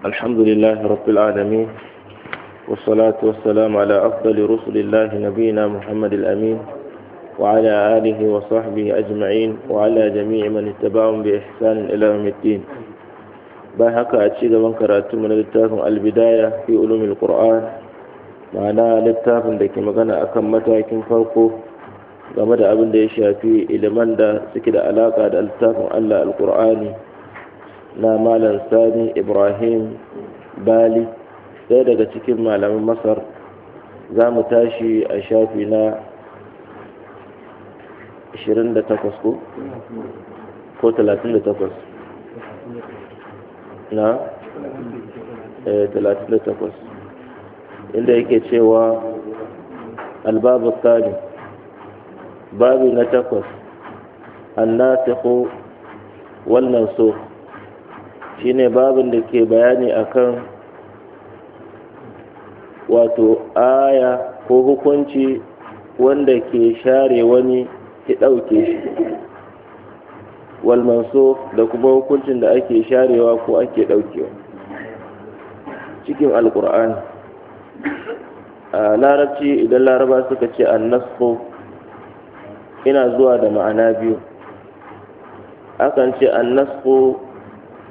الحمد لله رب العالمين والصلاة والسلام على أفضل رسل الله نبينا محمد الأمين وعلى آله وصحبه أجمعين وعلى جميع من اتبعهم بإحسان إلى يوم الدين باهك أتشيد من قرأت من التافن البداية في علوم القرآن معنا للتافن لكي مغانا أكم متاكين فرقه game da abin da ya shafi iliman da suke da alaƙa da littafin Allah alƙur'ani na malam sani ibrahim bali ɗaya daga cikin malaman masar za mu tashi a shafi na 28 ko 38 na 38 eh, inda yake cewa albabu tsari babu na takwas annasikhu wannan so. shine babin da ke bayani akan wato aya ko hukunci wanda ke share wani ki ɗauke shi walmanso da kuma hukuncin da ake sharewa ko ake ɗaukewa cikin alkur'ani a larabci idan laraba suka ce annasko ina zuwa da ma'ana biyu akan ce annasko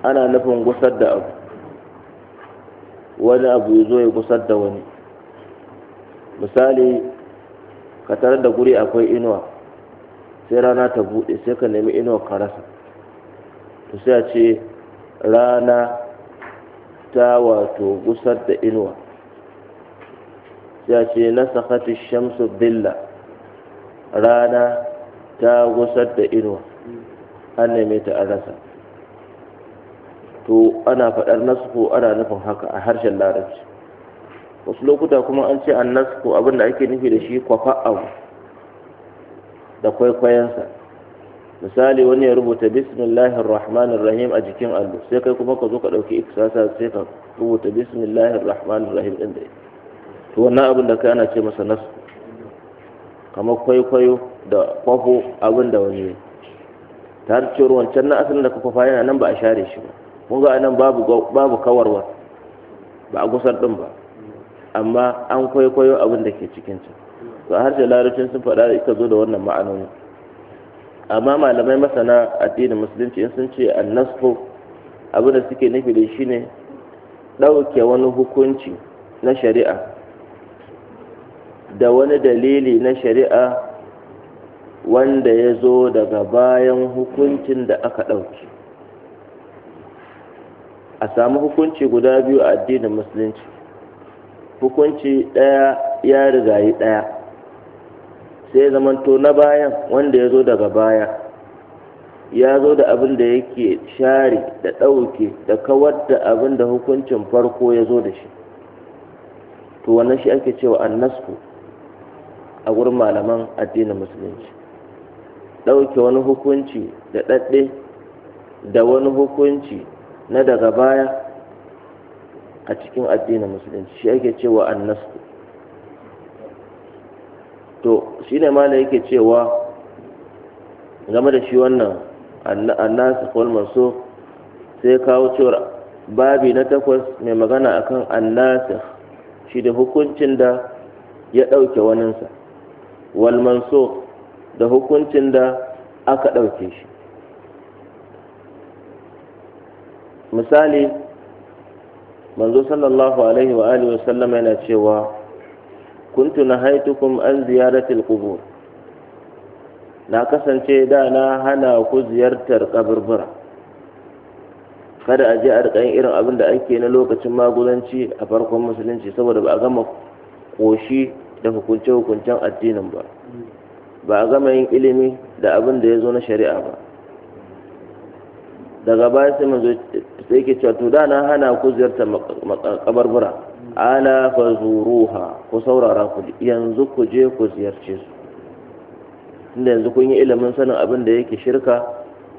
ana nufin gusar da abu wani abu ya zo ya gusar da wani misali ka tarar da guri akwai inuwa sai rana ta buɗe sai ka nemi inuwa ka rasa to sai a ce rana ta wato gusar da inuwa sai a ce na sakati shamsu billa rana ta gusar da inuwa an neme ta an rasa to ana faɗar nasku ana nufin haka a harshen larabci wasu lokuta kuma an ce an nasku abin da ake nufi da shi kwafa abu da kwaikwayonsa misali wani ya rubuta bismillahir rahmanir rahim a jikin allo sai kai kuma ka zo ka ɗauki iksasa sai ka rubuta bismillahir rahmanir rahim ɗin da to wannan abin da kai ana ce masa nasku kamar kwaikwayo da kwafo abin da wani ta har cewar wancan na asalin da ka kwafa yana nan ba a share shi ba kun ga nan babu babu kawarwa ba a gusar din ba amma an kwaikwayo abin da ke cikin ta to har da larabcin sun faɗa ita zo da wannan ma'anoni amma malamai masana addinin musulunci sun ce annasfo abin da suke nufi da ne ɗauke wani hukunci na shari'a da wani dalili na shari'a wanda ya zo daga bayan hukuncin da aka ɗauke a samu hukunci guda biyu a addinin musulunci hukunci ɗaya ya riga yi ɗaya sai zamanto na bayan wanda ya zo daga baya ya zo da abin da yake share da ɗauke da kawar da abin da hukuncin farko ya zo da shi to wannan shi ake cewa annasku a gurin malaman addinin musulunci ɗauke wani hukunci da ɗaɗɗe da wani hukunci na daga baya a cikin addinin musulunci shi ake cewa annasku to shi ne ma yake cewa game da shi wannan annasu mansukh sai kawo cewar babi na takwas mai magana akan annasu shi da hukuncin da ya ɗauke waninsa wal da hukuncin da aka ɗauke shi misali manzo sallallahu alaihi wa alihi wasallam yana cewa kuntu nahaitukum an ziyaratil qubur na kasance da na hana ku ziyartar kaburbura kada a je a irin abin da ake na lokacin magudanci a farkon musulunci saboda ba a gama koshi da hukunce-hukuncen addinin ba ba a gama yin ilimi da abin da ya zo na shari'a ba daga baya sai manzo sai ke cewa to da na hana ku ziyarta kabarbura ala fazuruha ku saurara ku yanzu ku je ku ziyarce su inda yanzu kun yi ilimin sanin abin da yake shirka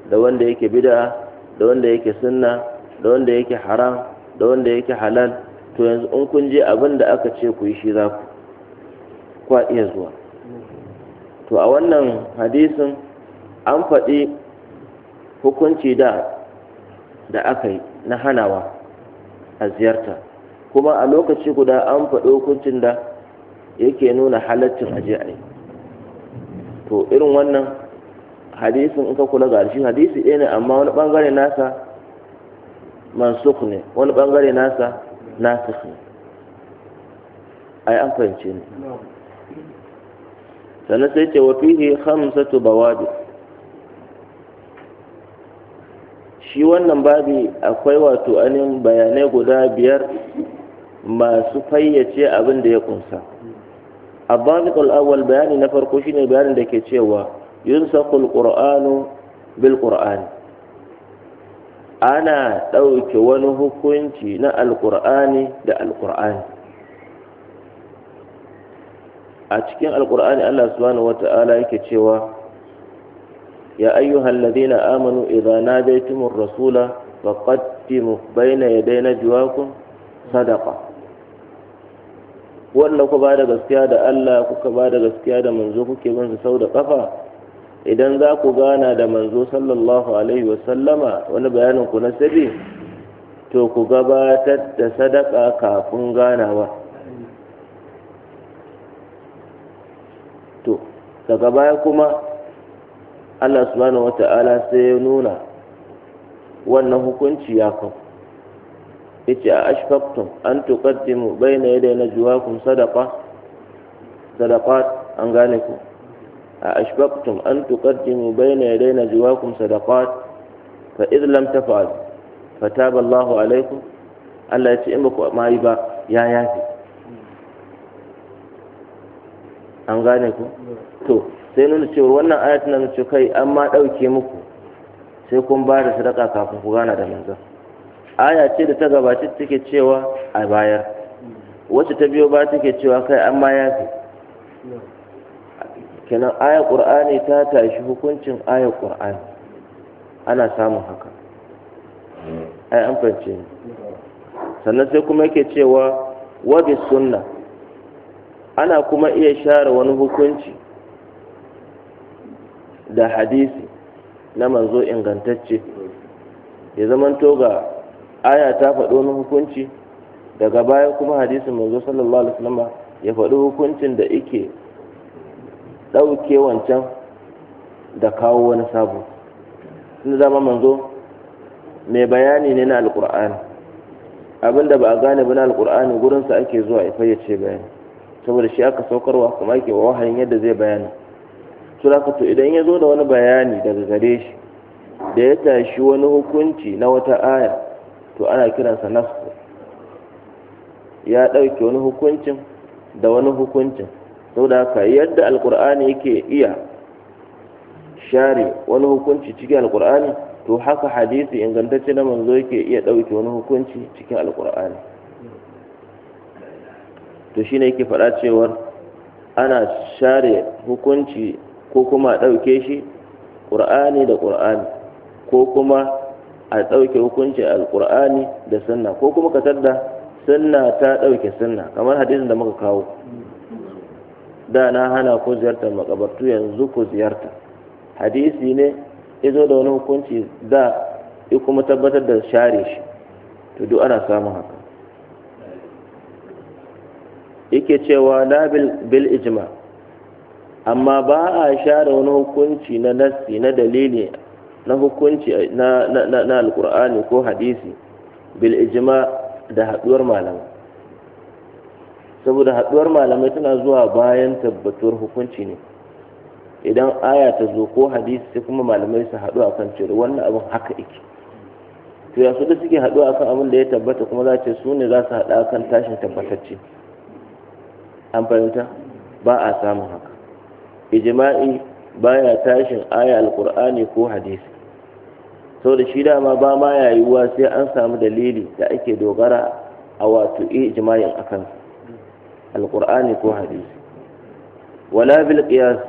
da wanda yake bid'a da wanda yake sunna da wanda yake haram da wanda yake halal to yanzu in kun je abin da aka ce ku yi shi za ku kwa iya zuwa to a wannan hadisin an faɗi hukunci da da aka yi na hanawa a ziyarta kuma a lokaci guda an faɗi hukuncin da yake nuna halaccin aje a yi to irin wannan hadisin in ka kula ga shi hadisi ɗaya ne amma wani ɓangare nasa mansuk ne wani ɓangare nasa nasik ne ai an fahimci ne sannan sai ce wa fihi khamsatu bawadi' shi wannan babi akwai wato anin bayanai guda biyar masu fayyace abin da ya kunsa abbasikul awwal bayani na farko shine bayanin da ke cewa saƙul ƙura'anu bil ƙura'ani ana ɗauke wani hukunci na alƙur'ani da alƙur'ani a cikin alƙur'ani allah subhanahu wata'ala yake cewa يا أيها الذين آمنوا إذا ناديتم الرسول فقدموا بين يدي نجواكم صدقة wanda ku ba da gaskiya da Allah kuka ba da gaskiya da manzo kuke bin su sau da kafa idan za ku gana da manzo sallallahu alaihi wa sallama wani bayanin ku na sabi to ku gabatar da sadaka kafin ganawa to daga baya kuma Allah subhanahu wata'ala sai ya nuna wannan hukunci ya kawo yace a ashfaqtum an tuqaddimu bayna yaday najwaakum sadaqa sadaqat an gane ku a ashfaqtum an tuqaddimu bayna yaday najwaakum sadaqat fa idh lam taf'alu fataba Allahu alaykum Allah yace in baku mai ba ya yafi an gane ku to sai nuna cewa wannan ayat tana nuna kai an ma ɗauke muku sai kun ba da sadaka kafin ku gana da manzon aya ce da ta gabaci take cewa a bayar wacce ta biyo ba take cewa kai an ma fi. kenan aya qur'ani ta tashi hukuncin aya qur'ani ana samun haka ai an fahimce ne sannan sai kuma yake cewa wa sunna ana kuma iya share wani hukunci da hadisi na manzo ingantacce ya zamanto ga aya ta faɗo wani hukunci daga baya kuma hadisin manzo sallallahu alaihi wasallam ya faɗi hukuncin da ike ɗauke wancan da kawo wani sabo tun zama manzo mai bayani ne na alƙur'ani abinda ba a gane ba na alƙur'ani gurinsa ake zuwa ya fayyace bayani saboda shi aka saukarwa kuma ake wahayin yadda zai bayani suraka to idan ya zo da wani bayani daga gare shi da ya tashi wani hukunci na wata aya to ana kiransa nasu ya ɗauke wani hukuncin da wani hukuncin saboda haka yadda alkur'ani yake iya share wani hukunci cikin alkur'ani to haka hadisi ingantacce na manzo yake iya ɗauke wani hukunci cikin alkur'ani to shine yake faɗa cewar ana share hukunci ko kuma a ɗauke shi ƙur'ani da ƙur'ani ko kuma a ɗauke hukunci alƙur'ani da sunna ko kuma ka tadda sunna ta ɗauke sunna kamar hadisin da muka kawo da na hana ku ziyartar makabartu yanzu ku ziyarta hadisi ne izo da wani hukunci da ya kuma tabbatar da share shi to duk ana samun haka yake cewa na bil ijma' amma ba a share wani hukunci na nassi na dalili na hukunci na na na alqur'ani ko hadisi bil ijma da haduwar malamai saboda haduwar malamai tana zuwa bayan tabbatuwar hukunci ne idan aya ta zo ko hadisi sai kuma malamai su haɗu akan cewa wannan abin haka yake to ya da suke haɗu akan abin da ya tabbata kuma za ce su ne za su haɗu akan tashin tabbatacce an fahimta ba a samun haka ijma'i baya tashin aya alqur'ani ko hadisi saboda shi dama ba ma yayuwa sai an samu dalili da ake dogara a wato ijma'in akan alqur'ani ko hadisi wala bil qiyas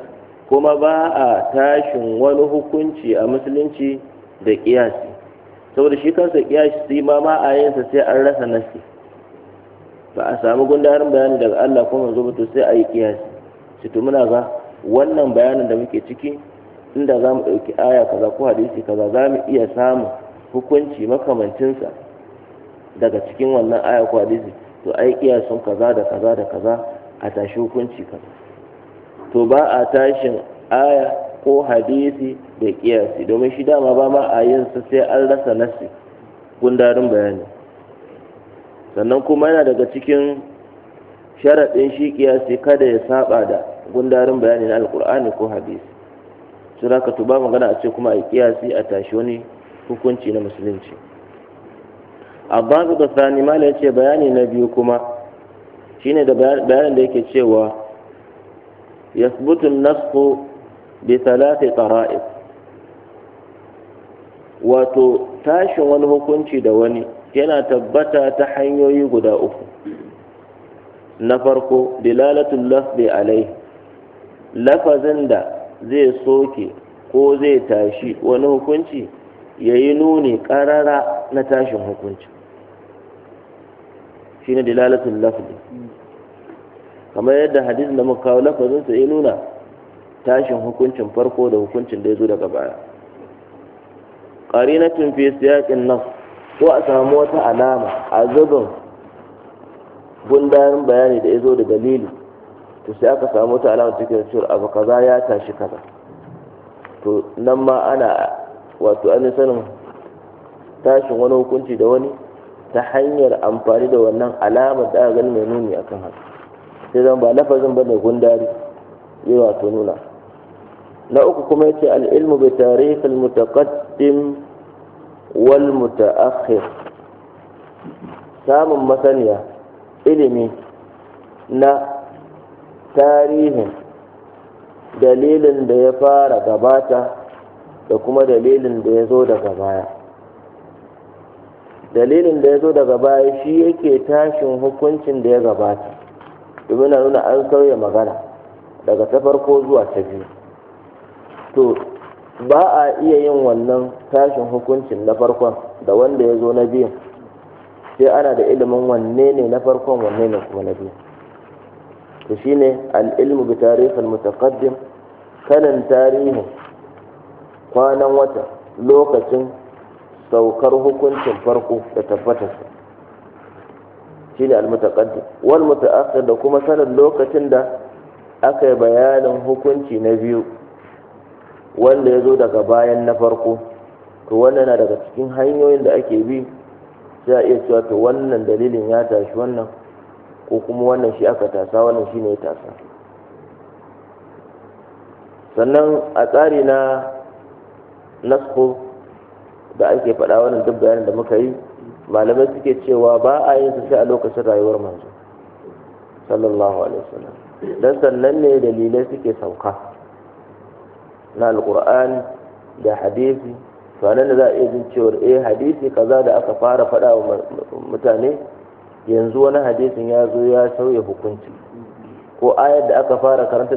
kuma ba a tashin wani hukunci a musulunci da qiyasi saboda shi kansa qiyasi ma ma ayinsa sai an rasa nasi ba a samu gundarin bayani daga Allah ko manzo ba to sai ayi yi qiyasi muna ga wannan bayanin da muke ciki inda za mu ɗauki aya kaza ko hadisi kaza za mu iya samun hukunci makamancinsa daga cikin wannan aya ko hadisi to ai sun kaza da kaza da kaza a tashi hukunci kaza to ba a tashin aya ko hadisi da kiyasi domin shi dama ba ma a yin sa sai an rasa nasi gundarin bayani sannan kuma yana daga cikin sharaɗin shi kiyasi kada ya saba da gundarin bayani na alkur'ani ko hadisi su da ba magana a ce kuma a kiyasi a tashi wani hukunci na musulunci abbasu da sani mala ya ce bayani na biyu kuma shine da bayanin da yake cewa yasbutu nasku bi talata qara'ib wato tashin wani hukunci da wani yana tabbata ta hanyoyi guda uku na farko dilalatul lafzi alai lafazin da zai soke ko zai tashi wani hukunci ya yi nuni ƙarara na tashin hukunci shi ne dilalatul lafazin kamar yadda hadisin da muka kawo lafazinsa ya nuna tashin hukuncin farko da hukuncin da ya zo daga baya ƙarinatun fi siyaƙin nan ko a samu wata alama a zubin gundarin bayani da ya zo da dalili to sai aka samu ta alama take cewa abu kaza ya tashi kaza to nan ma ana wato an sanin tashin wani hukunci da wani ta hanyar amfani da wannan alamar da aka gani mai nuni akan haka sai zan ba lafazin bane gundari ya wato nuna na uku kuma yace al-ilmu bi tarikh al-mutaqaddim wal mutaakhir samun masaniya ilimi na tarihin dalilin da ya fara gabata da kuma dalilin da ya zo daga baya dalilin da ya zo daga baya shi yake tashin hukuncin da ya gabata domin na nuna an sauya magana daga ta farko zuwa ta biyu to ba a iya yin wannan tashin hukuncin na farkon da wanda ya zo na biyu sai ana da ilimin wanne ne na farkon wanne ne kuma na biyu to shine al-ilmu bi tarikh al-mutaqaddim sanin tarihin kwanan wata lokacin saukar hukuncin farko da tabbatarsa shine al-mutaqaddim wal mutaakhir da kuma sanin lokacin da aka yi bayanin hukunci na biyu wanda ya zo daga bayan na farko to wannan na daga cikin hanyoyin da ake bi sai a iya cewa to wannan dalilin ya tashi wannan ko kuma wannan shi aka tasa wannan shi ne ya tasa sannan a tsari na nasko da ake faɗa wannan duk bayanin da muka yi malamai suke cewa ba a yin sai a lokacin rayuwar manzo sallallahu alaihi wasallam dan sannan ne dalilai suke sauka na alqur'ani da hadisi to nan da za a iya jin cewa eh hadisi kaza da aka fara faɗa wa mutane yanzu wani hadisin ya zo ya sauya hukunci ko ayar da aka fara karanta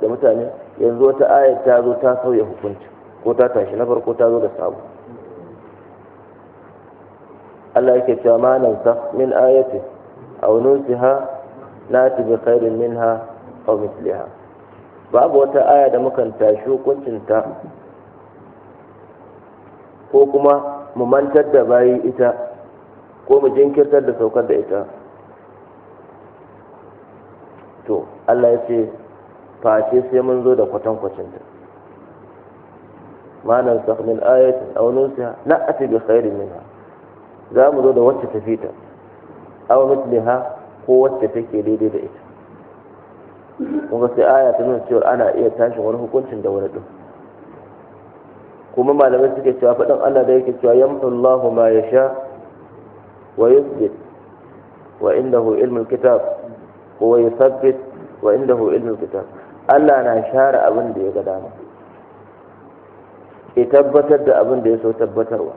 da mutane yanzu wata ayar ta zo ta sauya hukunci ko ta tashi na farko ta zo da sabu Allah yake cewa ma nan sa min ayati aw nusiha nati bi khairin minha aw mithliha babu wata aya da mukan tashi hukuncin ta ko kuma mu mantar da bayi ita ko mu jinkirtar da saukar da ita to Allah ya ce face sai mun zo da kwatankwacinta ma nan min ayatin aw nusiha na'ati bi khairin minha za mu zo da wacce ta fita aw mithliha ko wacce take daidai da ita kuma sai aya ta nuna cewa ana iya tashin wani hukuncin da wani din kuma malamai suke cewa faɗin Allah da yake cewa yamhu Allahu ma yasha ويثبت وعنده علم الكتاب هو يثبت وعنده علم الكتاب Allah na share abin ya ga dama ya tabbatar da abin ya so tabbatarwa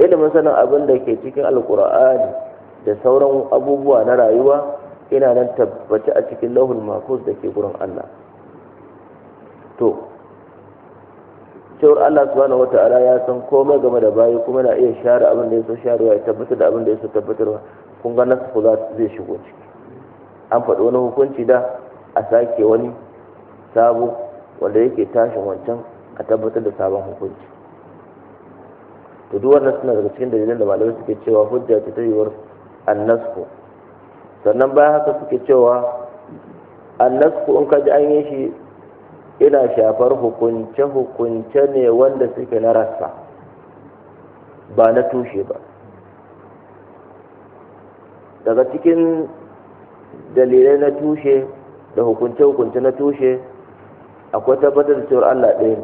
ilimin sanin abinda ke cikin alkur'ani da sauran abubuwa na rayuwa ina nan tabbaci a cikin lahul makus da ke gurin Allah to cewar Allah subhanahu wata'ala ya san komai game da bayi kuma na iya share abin da ya so sharewa ya tabbatar da abin da ya so tabbatarwa kun ga nasu ku zai shigo ciki an faɗi wani hukunci da a sake wani sabo wanda yake tashin wancan a tabbatar da sabon hukunci to duk wannan suna daga cikin dalilan da malamai suke cewa hujja ce ta yiwuwar annasku sannan bayan haka suke cewa annasku in ka ji an yi shi ina shafar hukunce-hukunce ne wanda suke na rassa ba na tushe ba daga cikin dalilai na tushe da hukunce-hukunce na tushe akwai tabbatar da cewar Allah ɗaya ne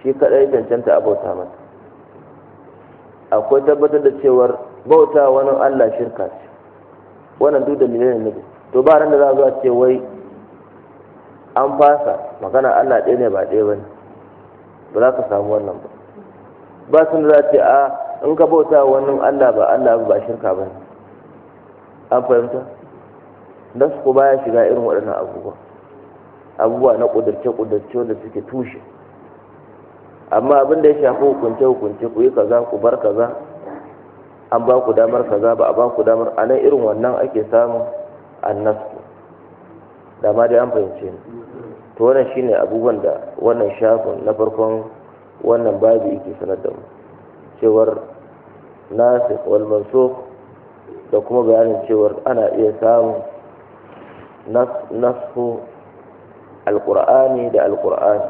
shi kaɗai cancanta a bauta mata akwai tabbatar da cewar bauta wani Allah shirka ce wannan duk dalilai ne to ba ran da za a zuwa ce wai an fasa magana Allah ɗaya ne ba ɗaya ba ne ba za ka samu wannan ba ba sun za ce a in ka bauta wannan Allah ba Allah ba shirka ba ne an fahimta don su ba ya shiga irin waɗannan abubuwa abubuwa na ƙudurce-ƙudurce wanda suke tushe amma abin da ya shafi hukunce-hukunce ku yi kaza ku bar kaza an ba ku damar kaza ba a ba ku damar a nan irin wannan ake samun annasu da ma dai an fahimce ni to wannan shine abubuwan da wannan shafin na farkon wannan babu yake sanar da mu cewar nasi wal mansuk da kuma bayanin cewar ana iya samun nasu alkur'ani da alkur'ani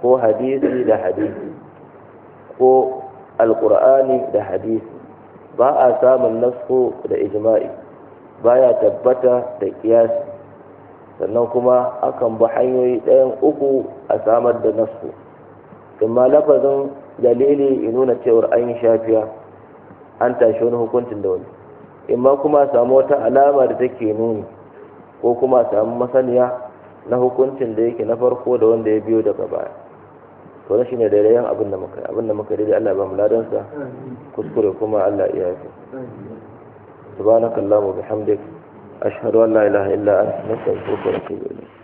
ko hadisi da hadisi ko alkur'ani da hadisi ba a samun nasu da ijma'i baya tabbata da kiyasi sannan kuma akan bi hanyoyi ɗayan uku a samar da nasu imma lafazin dalili ya nuna cewar an yi shafiya an tashi wani hukuncin da wani ma kuma a samu wata alama da take nuni ko kuma a samu masaniya na hukuncin da yake na farko da wanda ya biyo daga baya to shi ne yan abin da muka yi abin da muka daidai Allah ba mu kuskure kuma Allah iya yafi subhanakallahumma bihamdika ashakal wa ala illa illa ala na ta'uzawa da